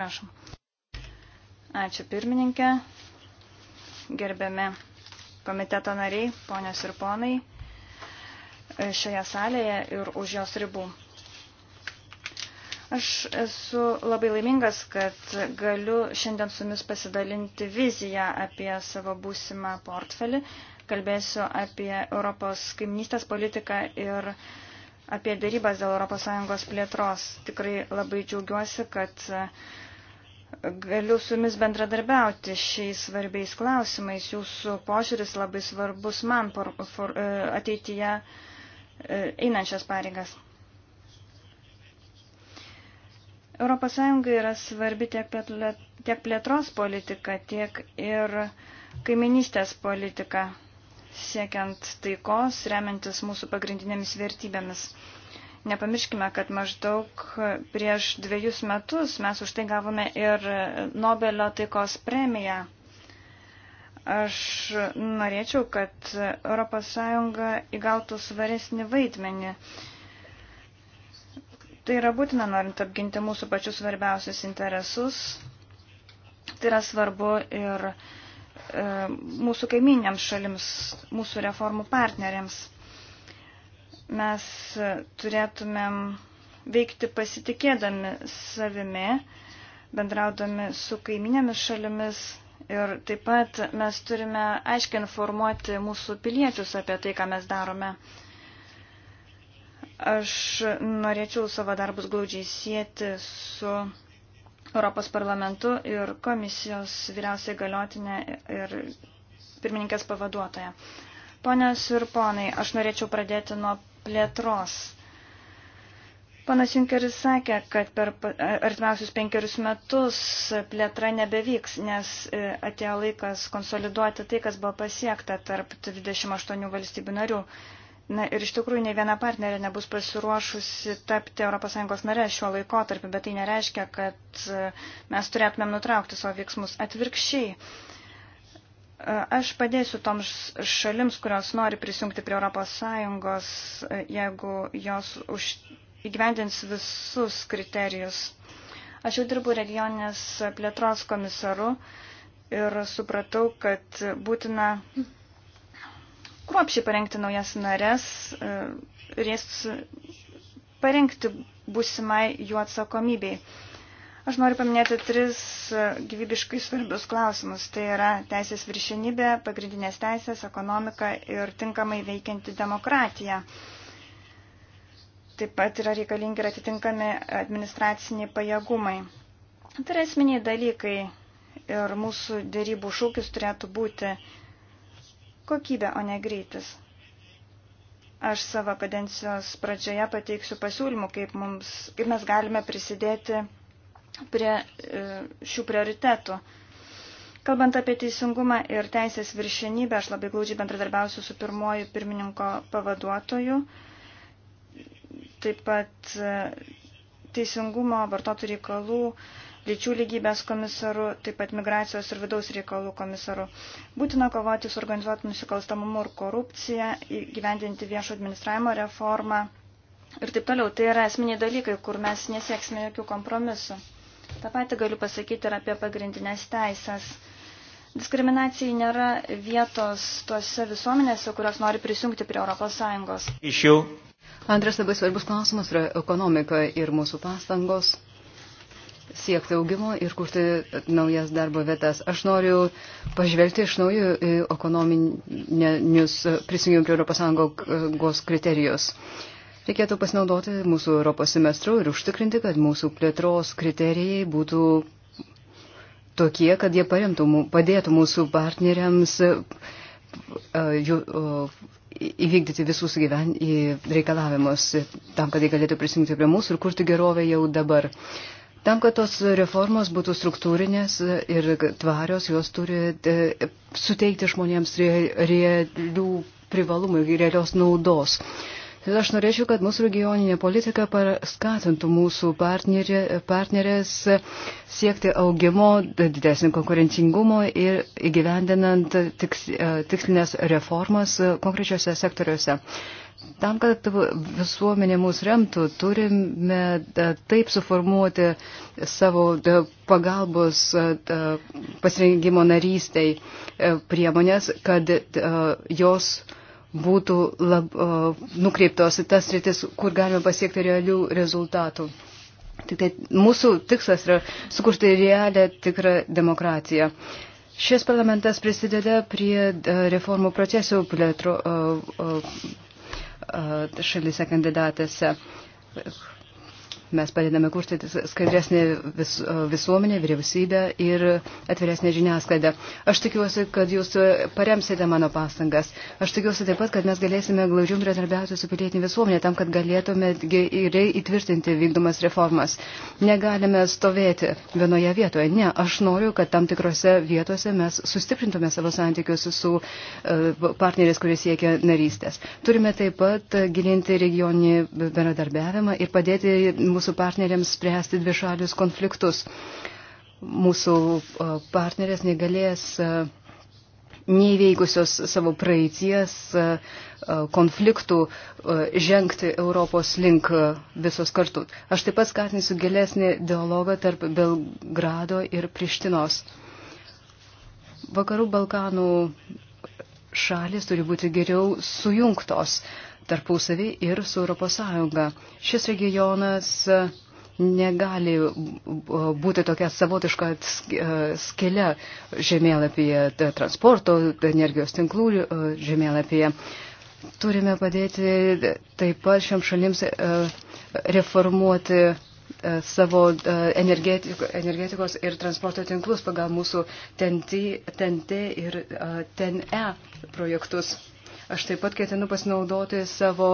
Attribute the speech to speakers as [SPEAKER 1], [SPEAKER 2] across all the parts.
[SPEAKER 1] Prašom. Ačiū pirmininkė, gerbiami komiteto nariai, ponios ir ponai, šioje salėje ir už jos ribų. Aš esu labai laimingas, kad galiu šiandien su jumis pasidalinti viziją apie savo būsimą portfelį. Kalbėsiu apie Europos kaimynystės politiką ir uh, apie darybas dėl ES plėtros. Tikrai labai džiaugiuosi, kad e, galiu su jumis bendradarbiauti šiais svarbiais klausimais. Jūsų požiūris labai svarbus man por, for, e, ateityje e, einančias pareigas. ES yra svarbi tiek plėtros politika, tiek ir kaiminystės politika siekiant taikos, remiantis mūsų pagrindinėmis vertybėmis. Nepamirškime, kad maždaug prieš dviejus metus mes už tai gavome ir Nobelio taikos premiją. Aš norėčiau, kad ES įgautų svaresnį vaidmenį. Tai yra būtina, norint apginti mūsų pačius svarbiausius interesus. Tai yra svarbu ir uh, E, mūsų kaiminėms šalims, mūsų reformų partneriams. Mes turėtumėm veikti pasitikėdami savimi, bendraudami su kaiminėmis šalimis ir taip pat mes turime aiškiai informuoti mūsų piliečius apie tai, ką mes darome. Aš norėčiau savo darbus glaudžiai sieti su Europos parlamentu ir komisijos vyriausiai galiotinė ir pirmininkės pavaduotoja. Ponės ir ponai, aš norėčiau pradėti nuo plėtros. Panas Junkeris sakė, kad per artimiausius penkerius metus plėtra nebevyks, nes e, atėjo laikas konsoliduoti tai, kas buvo pasiekta tarp 28 valstybių narių. Na ir iš tikrųjų ne viena partnerė nebus pasiruošusi tapti ES nare šiuo laikotarpiu, bet tai nereiškia, kad e, mes turėtumėm nutraukti savo veiksmus atvirkščiai. E, aš padėsiu toms šalims, kurios nori prisijungti prie ES, e, jeigu jos už... įgyvendins visus kriterijus. Aš jau dirbu regioninės plėtros komisaru ir supratau, kad būtina kruopšiai parengti naujas narės e, ir jas parengti būsimai jų atsakomybei. Aš noriu paminėti tris e, gyvybiškai svarbius klausimus. Tai yra teisės viršinybė, pagrindinės teisės, ekonomika ir tinkamai veikianti demokratija. Taip pat yra reikalingi ir atitinkami administraciniai pajėgumai. Tai yra esminiai dalykai ir mūsų dėrybų šūkis turėtų būti kokybę, o ne greitis. Aš savo kadencijos pradžioje pateiksiu pasiūlymų, kaip, mums, kaip mes galime prisidėti prie e, šių prioritetų. Kalbant apie teisingumą ir teisės viršenybę, aš labai glaudžiai bendradarbiausiu su pirmoju pirmininko pavaduotoju. Taip pat e, teisingumo vartotojų reikalų lyčių lygybės komisaru, taip pat migracijos ir vidaus reikalų komisaru. Būtina kovoti su organizuotų nusikalstamumu ir korupcija, gyvendinti viešo administravimo reformą ir taip toliau. Tai yra esminiai dalykai, kur mes nesieksime jokių kompromisų. Ta pati galiu pasakyti ir apie pagrindinės teisės. Diskriminacijai nėra vietos tose visuomenėse, kurios nori prisijungti prie ES.
[SPEAKER 2] Antras labai svarbus klausimas yra ekonomika ir mūsų pastangos siekti augimo ir kurti naujas darbo vietas. Aš noriu pažvelgti iš naujo ekonominius prisijungimų prie ES kriterijus. Reikėtų pasinaudoti mūsų Europos semestru ir užtikrinti, kad mūsų plėtros kriterijai būtų tokie, kad jie paremtų, padėtų mūsų partneriams įvykdyti visus gyven, reikalavimus tam, kad jie galėtų prisijungti prie mūsų ir kurti gerovę jau dabar. Tam, kad tos reformos būtų struktūrinės ir tvarios, jos turi e, suteikti žmonėms realių privalumų ir realios naudos. Ir aš norėčiau, kad mūsų regioninė politika skatintų mūsų partnerė, partnerės siekti augimo, didesnį konkurencingumo ir įgyvendinant tiks, e, tikslinės reformas e, konkrečiose sektoriuose. Tam, kad visuomenė mūsų remtų, turime e, taip suformuoti savo e, pagalbos e, pasirengimo narystiai priemonės, kad jos būtų lab, nukreiptos į tas rytis, kur galime pasiekti realių rezultatų. Tik tai mūsų tikslas yra sukurti realią tikrą demokratiją. Šis parlamentas prisideda prie reformų procesų plėtro, šalyse kandidatėse. Mes padedame kurti skaidresnį vis, visuomenę, vyriausybę ir atviresnę žiniasklaidą. Aš tikiuosi, kad jūs paremsite mano pastangas. Aš tikiuosi taip pat, kad mes galėsime glaudžiau bendradarbiauti su pilietinė visuomenė tam, kad galėtume gerai įtvirtinti vykdomas reformas. Negalime stovėti vienoje vietoje. Ne, aš noriu, kad tam tikrose vietose mes sustiprintume savo santykius su e, partneriais, kurie siekia narystės. Turime taip pat gilinti regioninį bendradarbiavimą ir padėti mūsų partneriams spręsti dvišalius konfliktus. Mūsų e, partnerės negalės e, neįveikusios savo praeities e, konfliktų žengti Europos link visos kartu. Aš taip pat skatinsiu gilesnį dialogą tarp Belgrado ir Prištinos. Vakarų Balkanų šalis turi būti geriau sujungtos. Uh, tarpusavį ir su Europos Sąjunga. Šis regionas e, negali e, būti tokia savotiška skelia žemėlapyje transporto, energijos tinklų e, žemėlapyje. Turime padėti taip pat šiam šalims reformuoti savo energetikos ir transporto tinklus pagal mūsų TNT, TNT ir TNE projektus. Aš taip pat ketinu pasinaudoti savo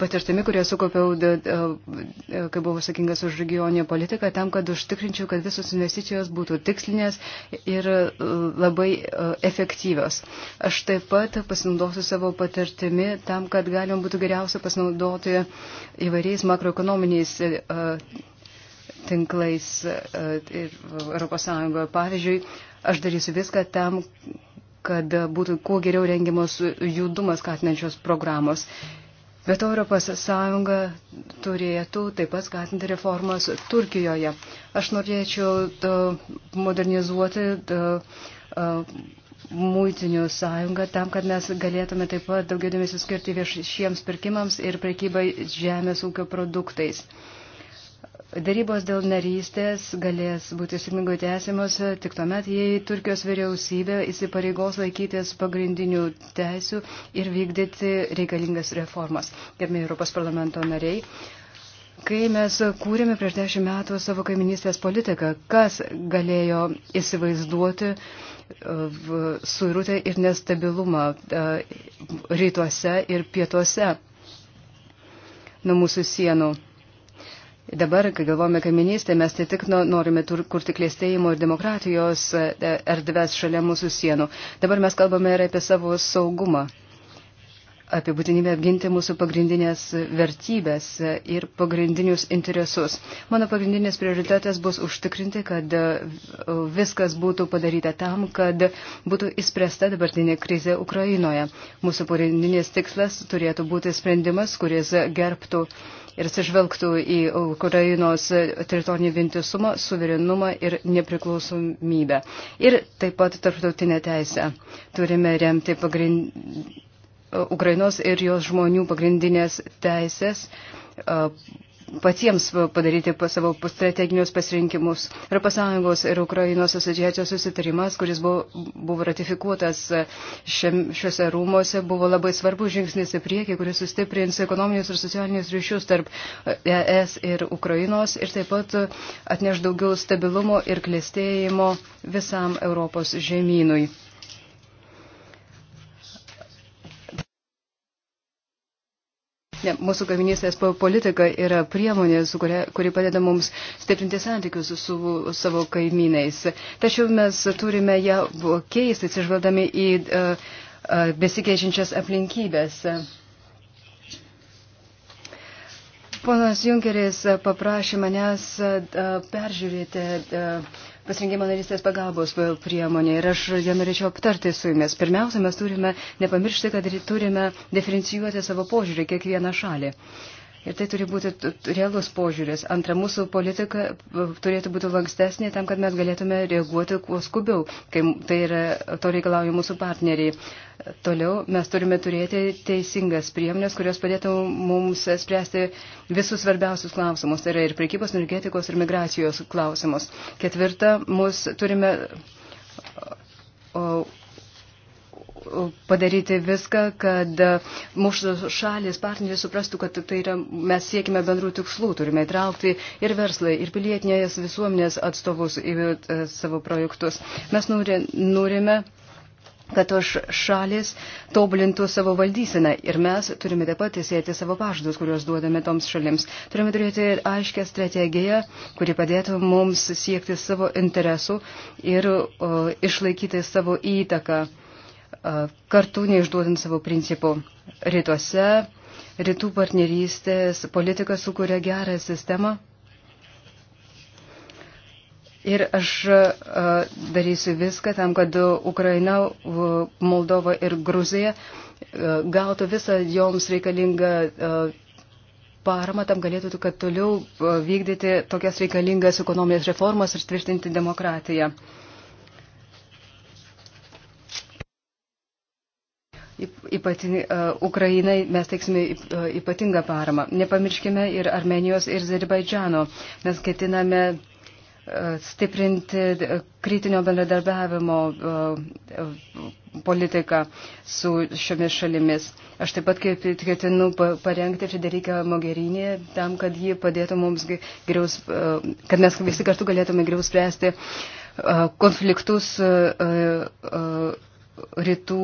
[SPEAKER 2] patirtimi, kurie sukaupiau, kai buvau sakingas už regioninę politiką, tam, kad užtikrinčiau, kad visos investicijos būtų tikslinės ir labai efektyvios. Aš taip pat pasinaudosiu savo patirtimi tam, kad galima būtų geriausia pasinaudoti įvairiais makroekonominiais tinklais ir Europos Sąjungoje. Pavyzdžiui, aš darysiu viską tam, kad būtų kuo geriau rengiamos judumą skatinančios programos. Bet Europos Sąjunga turėtų taip pat skatinti reformas Turkijoje. Aš norėčiau modernizuoti muitinių sąjungą tam, kad mes galėtume taip pat daugiau dėmesio skirti viešiems pirkimams ir prekybai žemės ūkio produktais. Uh, Darybos dėl narystės galės būti sėkmingai tęsiamos tik tuomet, jei Turkijos vyriausybė įsipareigos laikytis pagrindinių teisių ir vykdyti reikalingas reformas. Gerbėjai Europos parlamento nariai, kai mes kūrėme prieš dešimt metų savo kaiminystės politiką, kas galėjo įsivaizduoti e, suirutę ir nestabilumą e, rytuose ir pietuose nuo mūsų sienų. Dabar, kai galvojame kaiminystę, mes tai tik norime kurti klėstėjimo ir demokratijos e, e, erdves šalia mūsų sienų. Dabar mes kalbame ir apie savo saugumą apie būtinybę apginti mūsų pagrindinės vertybės ir pagrindinius interesus. Mano pagrindinis prioritetas bus užtikrinti, kad viskas būtų padaryta tam, kad būtų įspręsta dabartinė krizė Ukrainoje. Mūsų pagrindinis tikslas turėtų būti sprendimas, kuris gerbtų ir sižvelgtų į Ukrainos teritorinį vientisumą, suverenumą ir nepriklausomybę. Ir taip pat tarptautinę teisę. Turime remti pagrindinį Ukrainos ir jos žmonių pagrindinės teisės patiems padaryti savo strateginius pasirinkimus. Europos Sąjungos ir Ukrainos asociacijos susitarimas, kuris buvo, buvo ratifikuotas šiam, šiuose rūmose, buvo labai svarbus žingsnis į priekį, kuris sustiprins ekonominius ir socialinius ryšius tarp ES ir Ukrainos ir taip pat atneš daugiau stabilumo ir klėstėjimo visam Europos žemynui. Ne, mūsų kaiminystės politika yra priemonė, kuria, kuri padeda mums stiprinti santykius su savo kaimynais. Tačiau mes turime ją keisti, atsižvelgdami į uh, uh, besikeičiančias aplinkybės. Ponas Junkeris paprašė manęs uh, peržiūrėti pasirinkimo narystės pagalbos priemonė ir aš ją norėčiau aptarti su jumis. Pirmiausia, mes turime nepamiršti, kad turime diferencijuoti savo požiūrį kiekvieną šalį. Uh, Ir tai turi būti realus požiūris. Antra, mūsų politika e, turėtų būti lankstesnė tam, kad mes galėtume reaguoti kuo skubiau, kai tai yra, to reikalauja mūsų partneriai. Toliau mes turime turėti teisingas priemonės, kurios padėtų mums spręsti visus svarbiausius klausimus, tai yra ir prekybos, energetikos ir migracijos klausimus. Ketvirta, mus turime. O, padaryti viską, kad mūsų šalis partneriai suprastų, kad tai yra, mes siekime bendrų tikslų, turime įtraukti ir verslai, ir pilietinės visuomenės atstovus į e, savo projektus. Mes norime kad tos šalis tobulintų savo valdyseną ir mes turime taip pat įsėti savo pažadus, kuriuos duodame toms šalims. Turime turėti ir aiškę strategiją, kuri padėtų mums siekti savo interesų ir o, išlaikyti savo įtaką kartu neišduodant savo principų. Rytuose rytų partnerystės politika sukuria gerą sistemą. Ir aš darysiu viską tam, kad Ukraina, Moldova ir Gruzija gautų visą joms reikalingą paramą, tam galėtų, kad toliau vykdyti tokias reikalingas ekonomijos reformas ir tvirtinti demokratiją. ypatingai uh, Ukrainai mes teiksime uh, ypatingą paramą. Nepamirškime ir Armenijos, ir Azerbaidžiano. Mes ketiname uh, stiprinti kritinio bendradarbiavimo politiką su šiomis šalimis. Aš taip pat ketinu parengti Frederiką Mogerinį tam, kad ji padėtų mums geriau, kad mes visi kartu galėtume geriau spręsti konfliktus rytų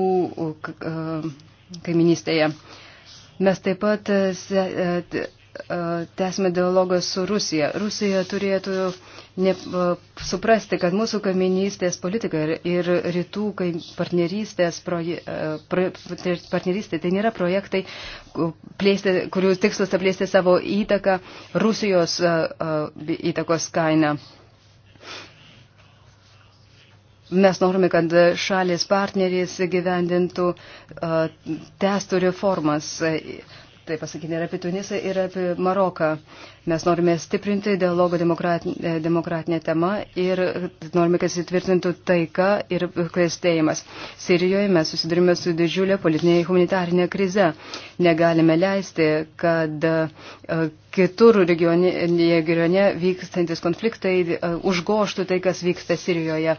[SPEAKER 2] e, kaiminystėje. Mes taip pat e, e, tęsime dialogą su Rusija. Rusija turėtų ne, suprasti, kad mūsų kaiminystės politika ir rytų partnerystės, proje, pro, tai partnerystė tai nėra projektai, plėsti, kurių tikslas aplėsti savo įtaką Rusijos įtakos kainą. Mes norime, kad šalis partneris gyvendintų, testų reformas Tai pasakyti ir apie Tunisą, ir apie Maroką. Mes norime stiprinti dialogą e, demokratinė, demokratinė tema ir norime, kad įtvirtintų taika ir klėstėjimas. Sirijoje mes susidurime su didžiulė politinė ir humanitarinė krize. Negalime leisti, kad e, kitur regione, regione vykstantis konfliktai e, užgoštų tai, kas vyksta Sirijoje.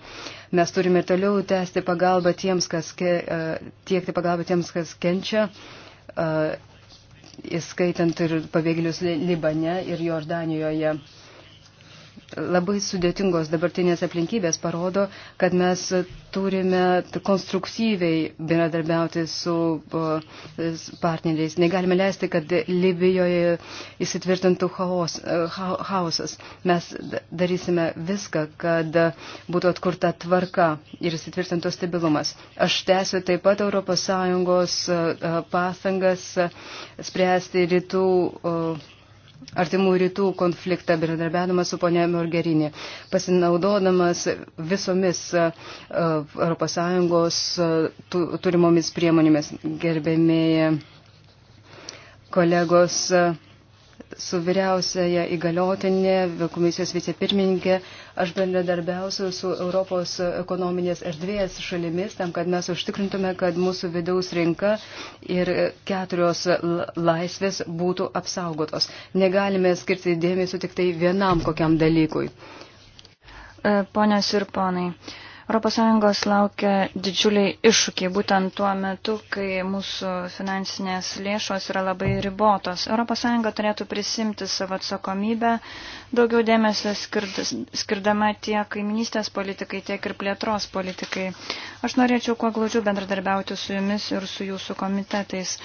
[SPEAKER 2] Mes turime ir toliau tęsti pagalbą tiems, kas, tiekti pagalbą tiems, kas kenčia įskaitant ir pabėgėlius Libane ir Jordanijoje labai sudėtingos dabartinės aplinkybės parodo, kad mes turime konstruktyviai bendradarbiauti su partneriais. Negalime leisti, kad Libijoje įsitvirtintų chaos, e, chaosas. Mes darysime viską, kad būtų atkurta tvarka ir įsitvirtintų stabilumas. Aš tęsiu taip pat ES e, e, pasangas spręsti rytų artimų rytų konfliktą bendradarbiavimas su ponia Morgerini, pasinaudodamas visomis ES e, e, turimomis priemonėmis gerbėmėje kolegos. Uh, su vyriausiaja įgaliotinė, komisijos vicepirmininkė, aš bendradarbiausiu su Europos ekonominės erdvės šalimis, tam, kad mes užtikrintume, kad mūsų vidaus rinka ir keturios laisvės būtų apsaugotos. Negalime skirti dėmesio tik tai vienam kokiam dalykui.
[SPEAKER 1] E, ponios ir ponai. ES laukia didžiuliai iššūkiai, būtent tuo metu, kai mūsų finansinės lėšos yra labai ribotos. ES turėtų prisimti savo atsakomybę, daugiau dėmesio skirdama tiek kaiminystės politikai, tiek ir plėtros politikai. Aš norėčiau kuo glaudžiau bendradarbiauti su jumis ir su jūsų komitetais,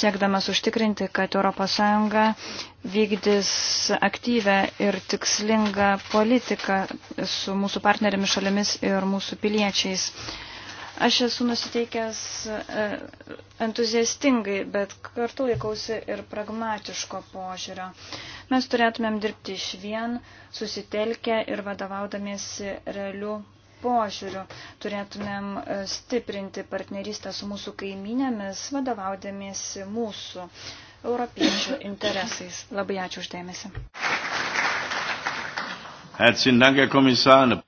[SPEAKER 1] siekdamas užtikrinti, kad ES vykdys aktyvę ir tikslingą politiką su mūsų partnerėmis šalimis ir mūsų piliečiais. Aš esu nusiteikęs e, entuziastingai, bet kartu laikausi ir pragmatiško požiūrio. Mes turėtumėm dirbti iš vien, susitelkę ir vadovaudamiesi realių požiūrių. Turėtumėm e, stiprinti partnerystę su mūsų kaiminėmis, vadovaudamiesi mūsų europiečių interesais. Labai ačiū uždėmesi.
[SPEAKER 2] Herzlichen Dank, Herr Kommissar.